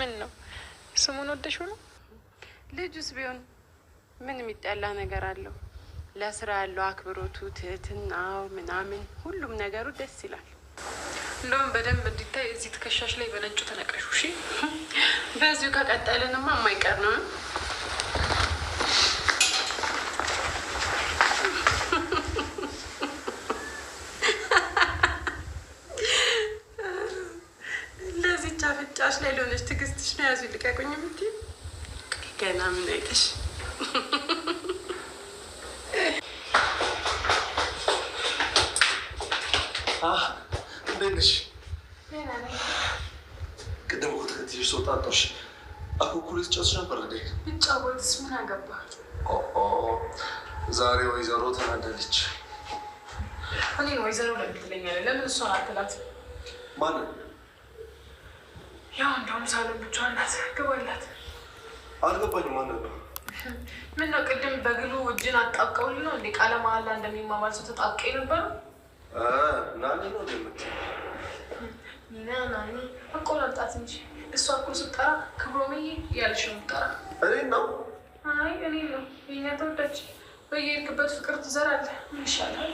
ምን ነው ስሙን ወደሹ ነው? ልጁስ ቢሆን ምን የሚጠላ ነገር አለው? ለስራ ያለው አክብሮቱ፣ ትህትናው ምናምን ሁሉም ነገሩ ደስ ይላል። እንደውም በደንብ እንዲታይ እዚህ ትከሻሽ ላይ በነጩ ተነቀሹ። እሺ፣ በዚሁ ከቀጠልንማ የማይቀር ነው። ሁለትሽ ነው ያዙ ልቀቁኝ የምትይው ገና ምን አይተሽ እንደነሽ ቅድም ነበር እንዴ? ብጫወትስ ምን አገባ? ዛሬ ወይዘሮ ተናደለች። እኔን ወይዘሮ ለምን ለምን እሷን አትላት? ማንን ያው እንደውም ሳሎን ብቻዋን ናት። ግባላት። አልገባኝም። ማነው? ምነው ቅድም በግሉ እጅን አጣብቀውል ነው እንዴ? ቃለ መሀላ እንደሚማማል ሰው ተጣብቀ ነበረ። ናኒ ነው ደምት ና ናኒ አቆላምጣት እንጂ እሷ እኮ ስጠራ ክብሮምዬ ያልሽ ምጠራ እኔ ነው። አይ እኔ ነው የኛ ተወዳጅ በየሄድክበት ፍቅር ትዘራለህ። ምን ይሻላል?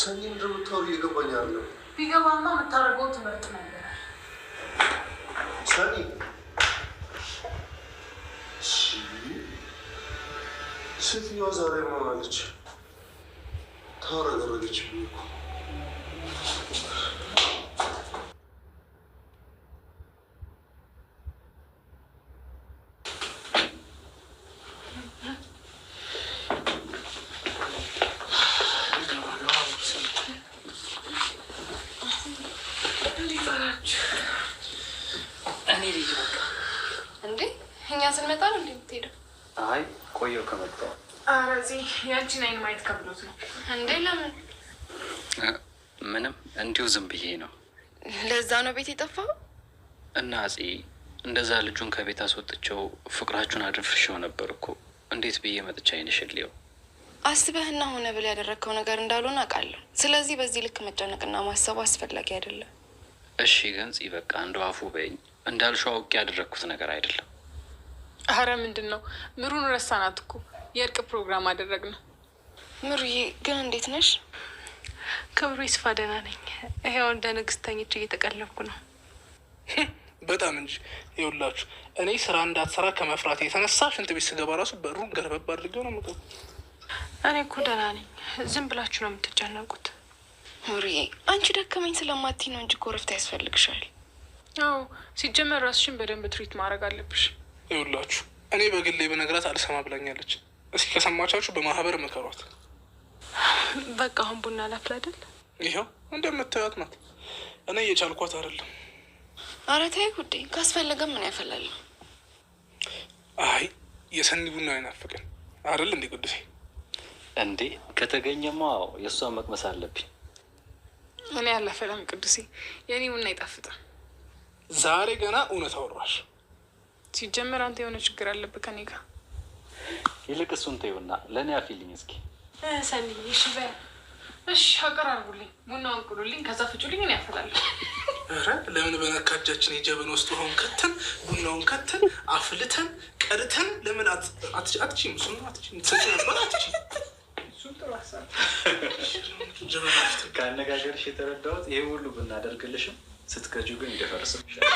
ሰኒ እንደምታወሩ እየገባኝ አለ። ቢገባማ የምታደርገው ትምህርት ነው 生命。ሴትዮዋ ዛሬ ማለች ታረገረገች ከመጣሁ ነው ምንም እንዲሁ ዝም ብዬ ነው። ለዛ ነው ቤት የጠፋው። እና አፄ እንደዛ ልጁን ከቤት አስወጥቸው ፍቅራችሁን አድርፍሽው ነበር እኮ እንዴት ብዬ መጥቻ አይንሽልየው አስበህና ሆነ ብል ያደረግከው ነገር እንዳልሆን አውቃለሁ። ስለዚህ በዚህ ልክ መጨነቅና ማሰቡ አስፈላጊ አይደለም። እሺ ግን በቃ እንደ አፉ በኝ እንዳልሽው አውቄ ያደረግኩት ነገር አይደለም። አረ ምንድን ነው ምሩን ረሳናት እኮ የእርቅ ፕሮግራም አደረግ ነው። ምሩዬ ግን እንዴት ነሽ? ክብሩ ይስፋ ደህና ነኝ። ይኸው እንደ ንግስተኞች እየተቀለብኩ ነው። በጣም እንጂ ይኸውላችሁ፣ እኔ ስራ እንዳትሰራ ከመፍራት የተነሳ ሽንት ቤት ስገባ ራሱ በሩን ገረበብ አድርገው ነው የምገባው። እኔ እኮ ደህና ነኝ። ዝም ብላችሁ ነው የምትጨነቁት። ምሩዬ አንቺ ደከመኝ ስለማትይ ነው እንጂ እኮ እረፍት ያስፈልግሻል። አዎ ሲጀመር ራስሽን በደንብ ትሪት ማድረግ አለብሽ። ይውላችሁ እኔ በግሌ በነግራት አልሰማ ብላኛለች። እስኪ ከሰማቻችሁ በማህበር ምከሯት። በቃ አሁን ቡና ላፍላ አይደል? ይኸው እንደምታዩት ናት። እኔ እየቻልኳት አይደለም። አረታዊ ተይ ጉዴ፣ ካስፈለገ ምን ያፈላል? አይ የሰኒ ቡና አይናፍቅን አይደል እንዴ? ቅዱሴ እንዴ ከተገኘማ የእሷን መቅመስ አለብኝ። እኔ አላፈላም ቅዱሴ፣ የኔ ቡና አይጣፍጥም። ዛሬ ገና እውነት አወራሽ። ሲጀመር አንተ የሆነ ችግር አለብህ ከኔ ጋር። ይልቅ እሱን ተይውና ለእኔ አፊልኝ እስኪ ሰኒ። እሺ በ እሺ አቀራርቡልኝ፣ ቡና አንቁሉልኝ፣ ከዛ ፍጩልኝ፣ እኔ ያፈላለሁ። ኧረ ለምን በነካጃችን የጀበን ውስጥ ውሃውን ከተን ቡናውን ከተን አፍልተን ቀድተን ለምን አትችም? እሱ አትችም ትሰጭ ነበር አትችም ከአነጋገርሽ የተረዳሁት ይህ ሁሉ ብናደርግልሽም ስትከጁ ግን ይደፈርስብሻል።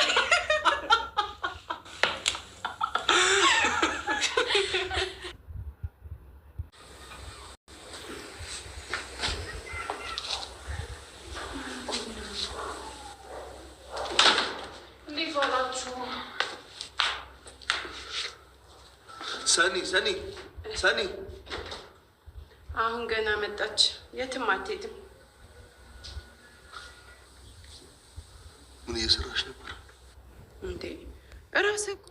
ሰኒ ሰኒ፣ አሁን ገና መጣች። የትም አትሄድም። ምን እየሰራሽ ነበር እንዴ? እራስህ እኮ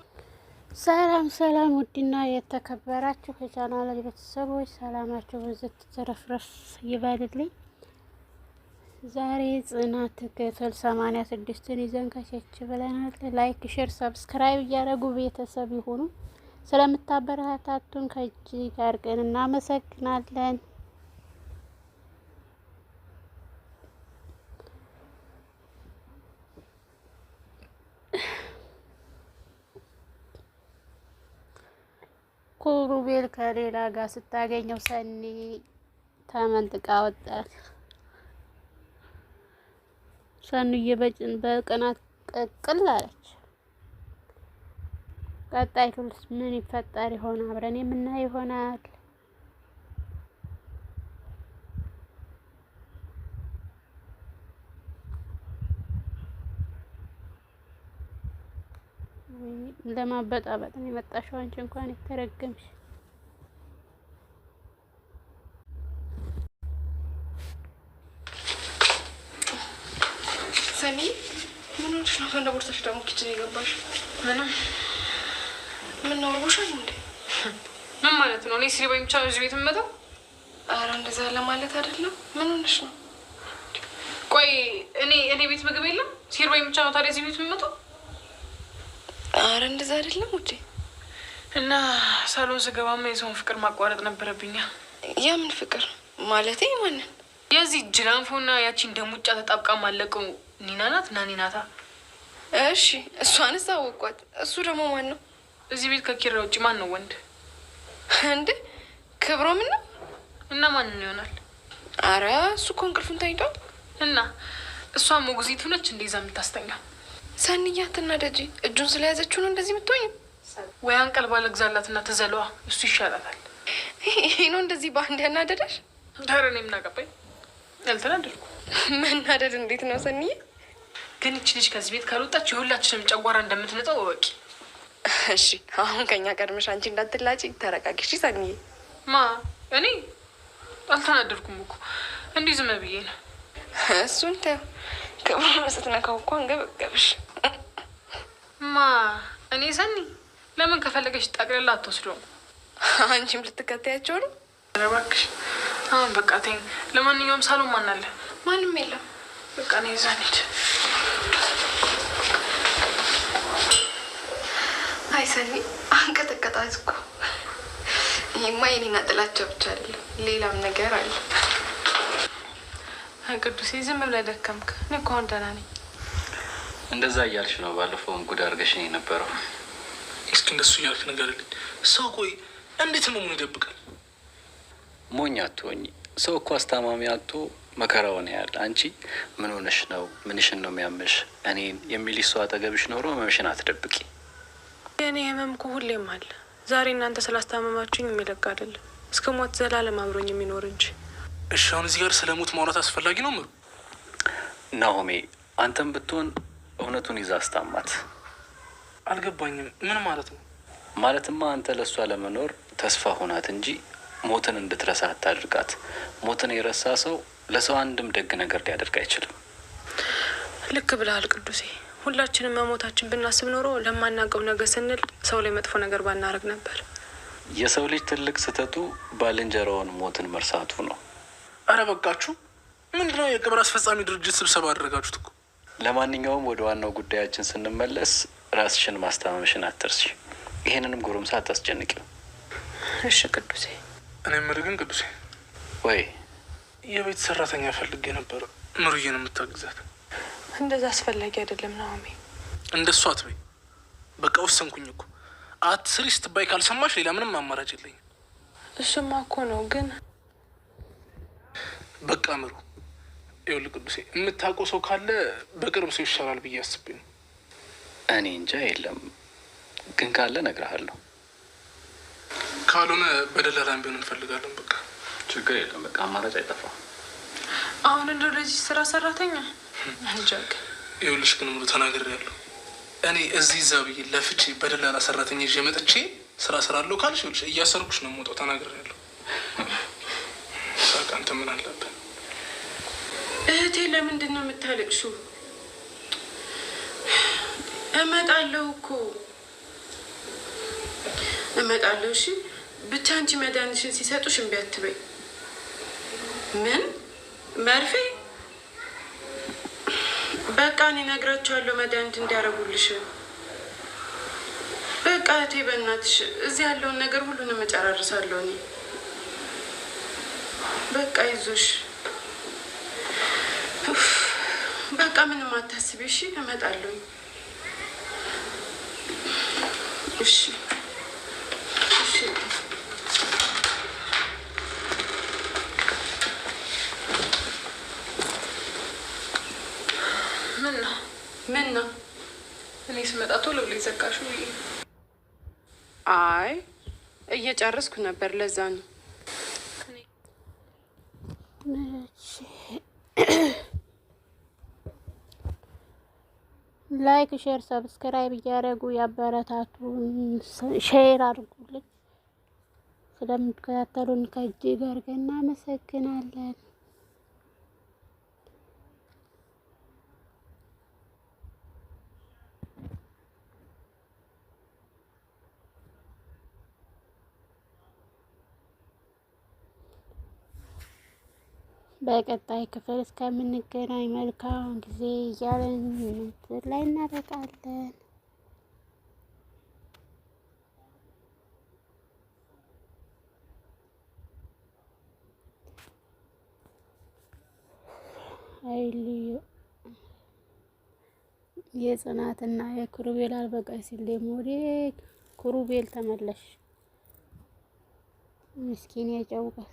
ሰላም ሰላም፣ ውድና የተከበራችሁ የቻናል ቤተሰቦች ሰላማችሁ ብዝት ትረፍረፍ ይበልልኝ። ዛሬ ጽናት ክፍል ሰማንያ ስድስትን ይዘን ከቸች ብለናል። ላይክ፣ ሼር፣ ሰብስክራይብ እያደረጉ ቤተሰብ ይሁኑ። ስለምታበረታቱን ከእጅ ጋር ግን እናመሰግናለን። ኩሩቤል ከሌላ ጋር ስታገኘው ሰኒ ተመንጥቃ ወጣች። ሰኑዬ በጭን በቅናት ቅቅል አለች። ቀጣይ ክፍልስ ምን ይፈጠር ይሆን? አብረን የምናየው ይሆናል። ለማበጣበጥ ነው የመጣሽው አንቺ እንኳን የተረገምሽ። ሰሚ ምን ሆነሽ ነው? ከነ ቦርሳሽ ደግሞ ኪችን የገባሽ ምንም የምናወር ቦሻል እንዴ? ምን ማለት ነው? እኔ ስሪባ ብቻ ነው እዚህ ቤት የምመጣው? አረ እንደዛ ለማለት አይደለም። ምን ሆነሽ ነው? ቆይ እኔ እኔ ቤት ምግብ የለም? ሲርባኝ ብቻ ነው ታዲያ እዚህ ቤት የምመጣው? አረ እንደዛ አይደለም ውዴ። እና ሳሎን ስገባማ የሰውን ፍቅር ማቋረጥ ነበረብኛ። የምን ፍቅር ማለቴ ማንን? የዚህ ጅላንፎና ያቺን ደሙጫ ተጣብቃ ማለቀው ኒና ናት እና ኒናታ። እሺ እሷን አወቋት። እሱ ደግሞ ማን ነው? እዚህ ቤት ከኪራ ውጭ ማን ነው ወንድ? እንደ ክብሮም ነው እና ማንን ይሆናል? አረ እሱ እኮ እንቅልፉን ተኝቷል። እና እሷ ሞግዚት ሆነች እንደዛ የምታስተኛ ሰንያትና ደጂ እጁን ስለያዘችው ነው እንደዚህ የምትሆኝ። ወይ አንቀልባ ለግዛላትና ተዘለዋ፣ እሱ ይሻላታል። ይህ ነው እንደዚህ በአንድ ያናደደሽ? ኧረ እኔ ምን አገባኝ፣ ያልተናደድኩ መናደድ እንዴት ነው ሰንዬ? ግን ይቺ ልጅ ከዚህ ቤት ካልወጣች የሁላችንም ጨጓራ እንደምትነጠው እወቂ። እሺ አሁን ከኛ ቀድመሽ አንቺ እንዳትላጭ ተረጋጊ። እሺ ሰኒዬ። ማ እኔ አልተናደድኩም እኮ እንዲህ ዝም ብዬ ነው። እሱን ተይው። ክብሩን ስትነካው እኮ አንገበገብሽ። ማ እኔ ሰኒ፣ ለምን ከፈለገሽ ጠቅልላ አትወስዶም? አንቺም ልትከታያቸው ነው? ኧረ እባክሽ አሁን በቃ ተይኝ። ለማንኛውም ሳሎን ማን አለ? ማንም የለም። በቃ ነው እዛ እንሂድ አይ ሰኒ አንቀጠቀጣት እኮ። ይሄማ የኔና ጥላቸው ብቻ አለ፣ ሌላም ነገር አለ። ቅዱሴ ዝም ብለህ ደከምክ። እኔ እኮ አሁን ደህና ነኝ። እንደዛ እያልሽ ነው። ባለፈውም ጉድ አድርገሽኝ የነበረው። እስኪ እንደሱ እያልክ ንገርልኝ። ሰው ቆይ እንዴት ህመሙን ይደብቃል? ሞኝ አትሆኝ። ሰው እኮ አስታማሚ አቶ መከራውን ያህል አንቺ ምን ሆነሽ ነው? ምንሽን ነው የሚያምሽ? እኔን የሚል ሰው አጠገብሽ ኖሮ መምሽን አትደብቂ። የእኔ ህመም እኮ ሁሌም አለ። ዛሬ እናንተ ስላስታመማችሁኝ የሚለቅ አይደለም፣ እስከ ሞት ዘላለም አብሮኝ የሚኖር እንጂ። እሺ አሁን እዚህ ጋር ስለ ሞት ማውራት አስፈላጊ ነው ምሩ? ናሆሜ አንተም ብትሆን እውነቱን ይዛ አስታማት። አልገባኝም። ምን ማለት ነው? ማለትማ አንተ ለእሷ ለመኖር ተስፋ ሆናት እንጂ ሞትን እንድትረሳ አታድርጋት። ሞትን የረሳ ሰው ለሰው አንድም ደግ ነገር ሊያደርግ አይችልም። ልክ ብለሃል ቅዱሴ። ሁላችንም መሞታችን ብናስብ ኖሮ ለማናውቀው ነገር ስንል ሰው ላይ መጥፎ ነገር ባናረግ ነበር። የሰው ልጅ ትልቅ ስህተቱ ባልንጀራውን ሞትን መርሳቱ ነው። አረ በቃችሁ። ምንድነው የቅብር አስፈጻሚ ድርጅት ስብሰባ አደረጋችሁት እኮ። ለማንኛውም ወደ ዋናው ጉዳያችን ስንመለስ ራስሽን ማስተማመሽን አትርሺ። ይህንንም ጉሩምሳ አታስጨንቂው። እሺ ቅዱሴ። እኔ የምልህ ግን ቅዱሴ፣ ወይ የቤት ሰራተኛ ፈልጌ ነበር ምሩዬን የምታግዛት እንደዛ አስፈላጊ አይደለም ናሚ። እንደሱ አትበይ። በቃ ወሰንኩኝ እኮ አትስሪ ስትባይ ካልሰማሽ ሌላ ምንም አማራጭ የለኝም። እሱማ እኮ ነው ግን በቃ ምሩ ይኸውልህ ቅዱሴ የምታውቀው ሰው ካለ በቅርብ ሰው ይሻላል ብዬ አስቤ ነው። እኔ እንጃ የለም፣ ግን ካለ እነግርሃለሁ። ካልሆነ በደላላም ቢሆን እንፈልጋለን። በቃ ችግር የለም። በቃ አማራጭ አይጠፋም። አሁን እንደ ለዚህ ስራ ሰራተኛ ይኸውልሽ ግን ሙሉ ተናገር ያለው እኔ እዚህ እዛ ብዬ ለፍቼ በደላላ ሰራተኛ ይዤ መጥቼ ስራ ስራለሁ ካልሽ ይኸውልሽ እያሰርኩሽ ነው የምወጣው። ተናገር ያለው ሳቅ አንተ ምን አለብን? እህቴ ለምንድን ነው የምታለቅሽው? እመጣለሁ እኮ እመጣለሁ። እሺ ብቻ አንቺ መድኃኒትሽን ሲሰጡሽ እምቢ አትበይ። ምን መርፌ በቃ እኔ እነግራቸዋለሁ መድኃኒት እንዲያደርጉልሽ። በቃ እቴ በእናትሽ እዚህ ያለውን ነገር ሁሉንም እጨራርሳለሁ እኔ። በቃ ይዞሽ በቃ ምንም አታስቢ እሺ። እመጣለሁ እሺ። ምን ነው እኔ ስመጣ ቶሎ ብሎ ይዘጋሹ? አይ እየጨረስኩ ነበር፣ ለዛ ነው። ላይክ ሼር ሰብስክራይብ እያደረጉ ያበረታቱን። ሼር አድርጉልን። ስለምትከታተሉን ከእጅ ጋር እናመሰግናለን። በቀጣይ ክፍል እስከምንገናኝ መልካም ጊዜ እያለን ምንትር ላይ እናበቃለን። የጽናትና የክሩቤል አልበቃ ሲል ደግሞ ወደ ክሩቤል ተመለሽ። ምስኪን ያጨውቃል።